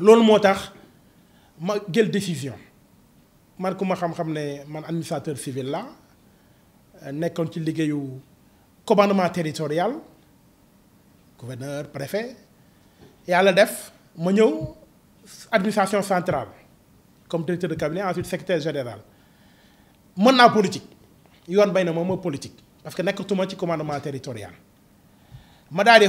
loolu moo tax ma jël décision man ku ma xam-xam ne man administrateur civil la nekkoon ci liggéeyu commandement territorial gouverneur préfet yàlla def ma ñëw administration centrale comme directeur de cabinet ensuite secrétaire général mën naa politique yoon bay na moom politique parce que nekkatuma ci commandement territorial ma daal di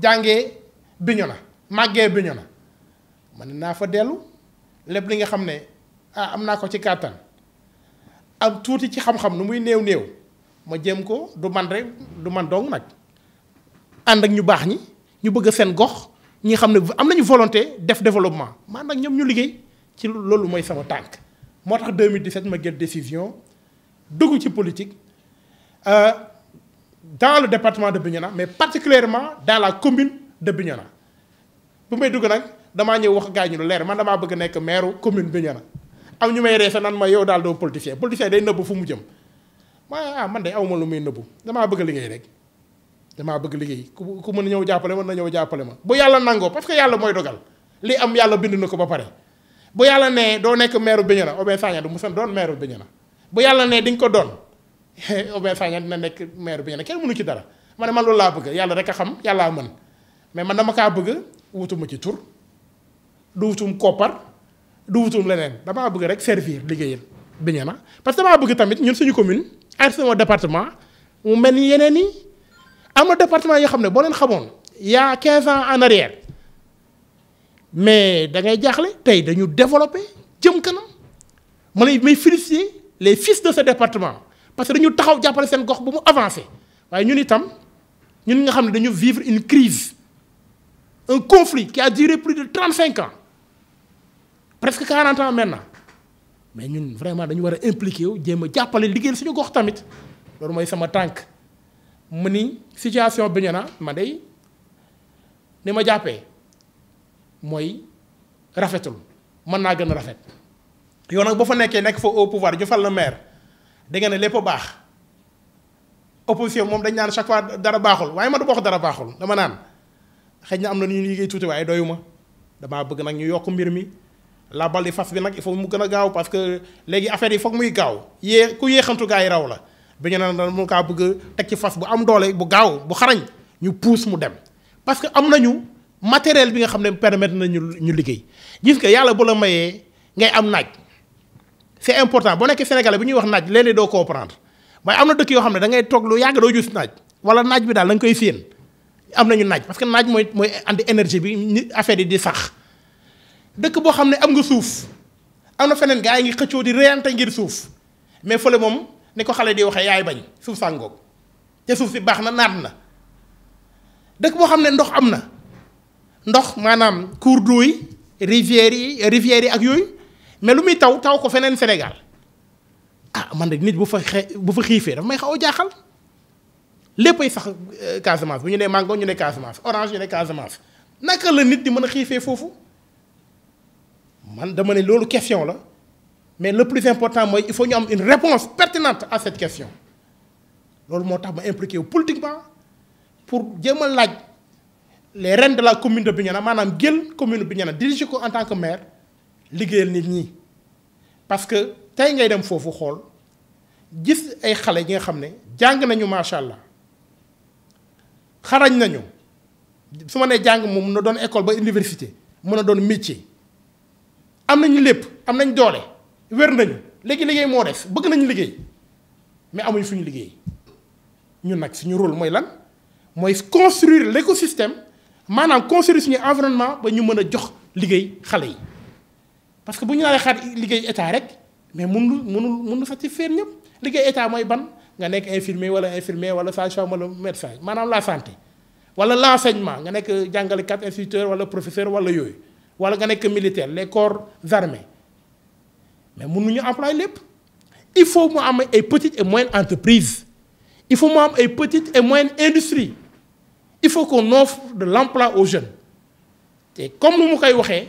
Je biñuna suis biñuna mën fa dellu lepp li nga ah, ko ci katan am touti ci xam-xam man du man dong ñu ñi ñu bëgg gox ñi volonté def développement man nak ñom ñu liggéey ci lolu moy sama 2017 ma décision dugg ci politique. Euh, dans le département de Bignona mais particulièrement dans la commune de Bignona bu may dugg nag damaa ñëw wax gaa ñu lu leer man damaa bëgg nekk maire commune Bignona am ñu may reesa nan ma yow dal do politicien politicien day neub fu mu jëm waaye ah man day awma lu muy neub. Dama bëgg liggéey rek Dama bëgg liggéey ku mëna mën ñëw jàppale ma na ñëw jàppale ma bu Yalla nangoo parce que Yalla moy dogal li am Yalla bind na ko ba paré. bu Yalla né do nekk maire Bignona Obé Sagna du mu san doon maire Bignona bu Yalla né di ko doon Obed eh, Sagna dina nekk maire bi ñu ne kenn mënu ci dara ma ne man loolu laa bëgg yàlla rek a xam yàllaa mën mais man dama kaa bëgg wutuma ci tur du wutum koppar du wutum leneen damaa bëgg rek servir liggéeyal bi ñu na parce que damaa bëgg tamit ñun suñu commune ak sama département mu mel ni yeneen yi am na département yoo xam ne boo leen xamoon yaa 15 ans en arrière mais da ngay jaaxle tey dañu développé jëm kanam ma lay may féliciter les fils de ce département. parce que dañu taxaw jàppale sen gox bu mu avancé waye ñun itam ñun nga xam dañu vivre une crise un conflit qui a duré plus de 35 ans presque quarante ans maintenant mais ñun vraiment dañu wara a impliqué wu jéem a jàppale suñu gox tamit lolu moy sama tank mu ni situation Bignona ma day ni ma jàppee mooy rafetul mën naa gën a rafet yow nag boo fa nekkee nekk fa au pouvoir ñu fal la maire da nga ne lépp baax opposition moom dañ naan chaque fois dara baaxul waaye ma du wax dara baaxul dama naan xëy na am na ñu liggéey tuuti waaye doyuma damaa bëgg nag ñu yokk mbir mi la bal di fas bi nag i faut mu gën a gaaw parce que léegi affaire yi foog muy gaaw yée ku yéexantu gaa yi raw la bi ñu naan mu kaa bëgg teg ci fas bu am doole bu gaaw bu xarañ ñu puus mu dem parce que am nañu matériel bi nga xam ne permettre nañu ñu liggéey gis nga yàlla bu la mayee ngay am naaj. c'est important boo nekkee sénégalais bu ñuy wax naaj léeg-léeg doo comprendre waaye am na dëkk yoo xam ne da ngay toog lu yàgg doo gis naaj wala naaj bi daal da nga koy séen am nañu naaj parce que naaj mooy mooy andi énergie bi ni affaire yi di sax dëkk boo xam ne am nga suuf am na feneen gaa yi ngi xëccoo di reyante ngir suuf mais fële moom ni ko xale di waxee yaay bañ suuf sàngoog te suuf si baax na naat na dëkk boo xam ne ndox am na ndox maanaam cours d'eau yi rivières yi rivières yi ak yooyu mais lumi taw taw ko fenen Sénégal ah man de nit bu fa bu fa xifé dafa may xaw jaaxal leppay sax euh, Casamance bu ñu né mango ñu né Casamance orange ñu né Casamance naka la nit di mën xifé fofu man dama né lolu question la mais le plus important moy il faut ñu am une réponse pertinente à cette question lolu moo tax ma impliqué politiquement pour que les reines de la commune de Bignona manam gel commune Bignona dirige ko en tant que maire. liggéeyal nit ñi parce que tey ngay dem foofu xool gis ay xale yi nga xam ne jàng nañu macha allah xarañ nañu su ma nee jàng moom mun na doon école ba université mun na doon métier am nañ lépp am nañ doole wér nañu léegi liggéey moo des bëgg nañu liggéey mais amuñu fu ñu liggéey ñu nag suñu rôle mooy lan mooy construire l'écosystème maanaam construire suñu environnement ba ñu mën a jox liggéey xale yi. parce que bu ñu naree xaar liggéey état rek mais mënul mënul mënul satisfaire ñëpp liggéey état mooy ban nga nekk infirmier wala infirmier wala sage-femme wala médecin maanaam la santé wala l'enseignement nga nekk jàngalekat instituteur wala professeur wala yooyu wala nga nekk militaire les corps armés mais mënuñu employer lépp il faut mu am ay petites et moyennes entreprises il faut mu am ay petites et moyennes industries il faut qu'on offre de l'emploi aux jeunes te comme nu mu koy waxee.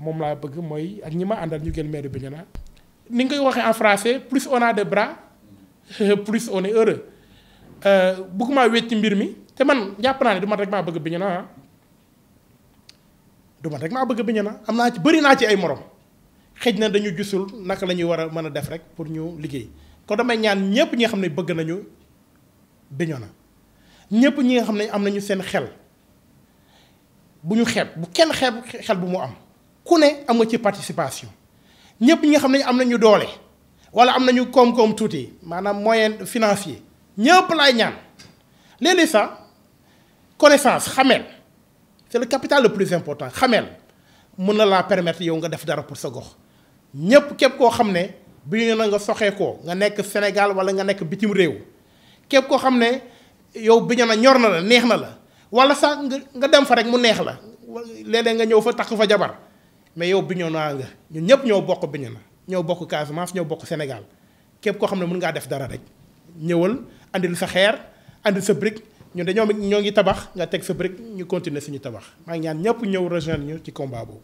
moom laa bëgg mooy ak ñi ma àndal ñu gën maire Bignona ni nga koy waxee en français plus on a de bras plus on est heureux euh, bëgguma wéet ci mbir mi te man jàpp naa ne du man rek maa bëgg Bignona ah du man maa bëgg Bignona am naa ci bëri naa ci ay morom xëj na dañu gisul naka la ñuy war a mën a def rek pour ñu liggéey kon damay ñaan ñëpp ñi xam ne bëgg nañu Bignona ñëpp ñi nga xam ne am nañu seen xel bu ñu xeeb bu kenn xeeb xel bu mu am. ku ne am nga ci participation ñëpp ñi nga xam ne am nañu doole wala am nañu koom-koom tuuti maanaam moyen financier ñëpp laay ñaan léeg-léeg sax connaissance xamel c'est le capital le plus important xamel mën na laa permettre yow nga def dara pour sa gox ñëpp képp koo xam ne bi ñu na nga soxee koo nga nekk Sénégal wala nga nekk bitim réew képp koo xam ne yow bi ñu na ñor na la neex na la wala sax nga dem fa rek mu neex la léeg-léeg nga ñëw fa takk fa jabar mais yow naa nga ñun ñëpp ñoo bokk na ñoo bokk Casamance ñoo bokk Sénégal képp koo xam ne mën ngaa def dara rek ñëwal andil sa xeer andil sa brique ñun dañoo ñoo ngi tabax nga teg sa brique ñu continuer suñu tabax maa ngi ñaan ñëpp ñëw rejoindre ñu ci combat boobu.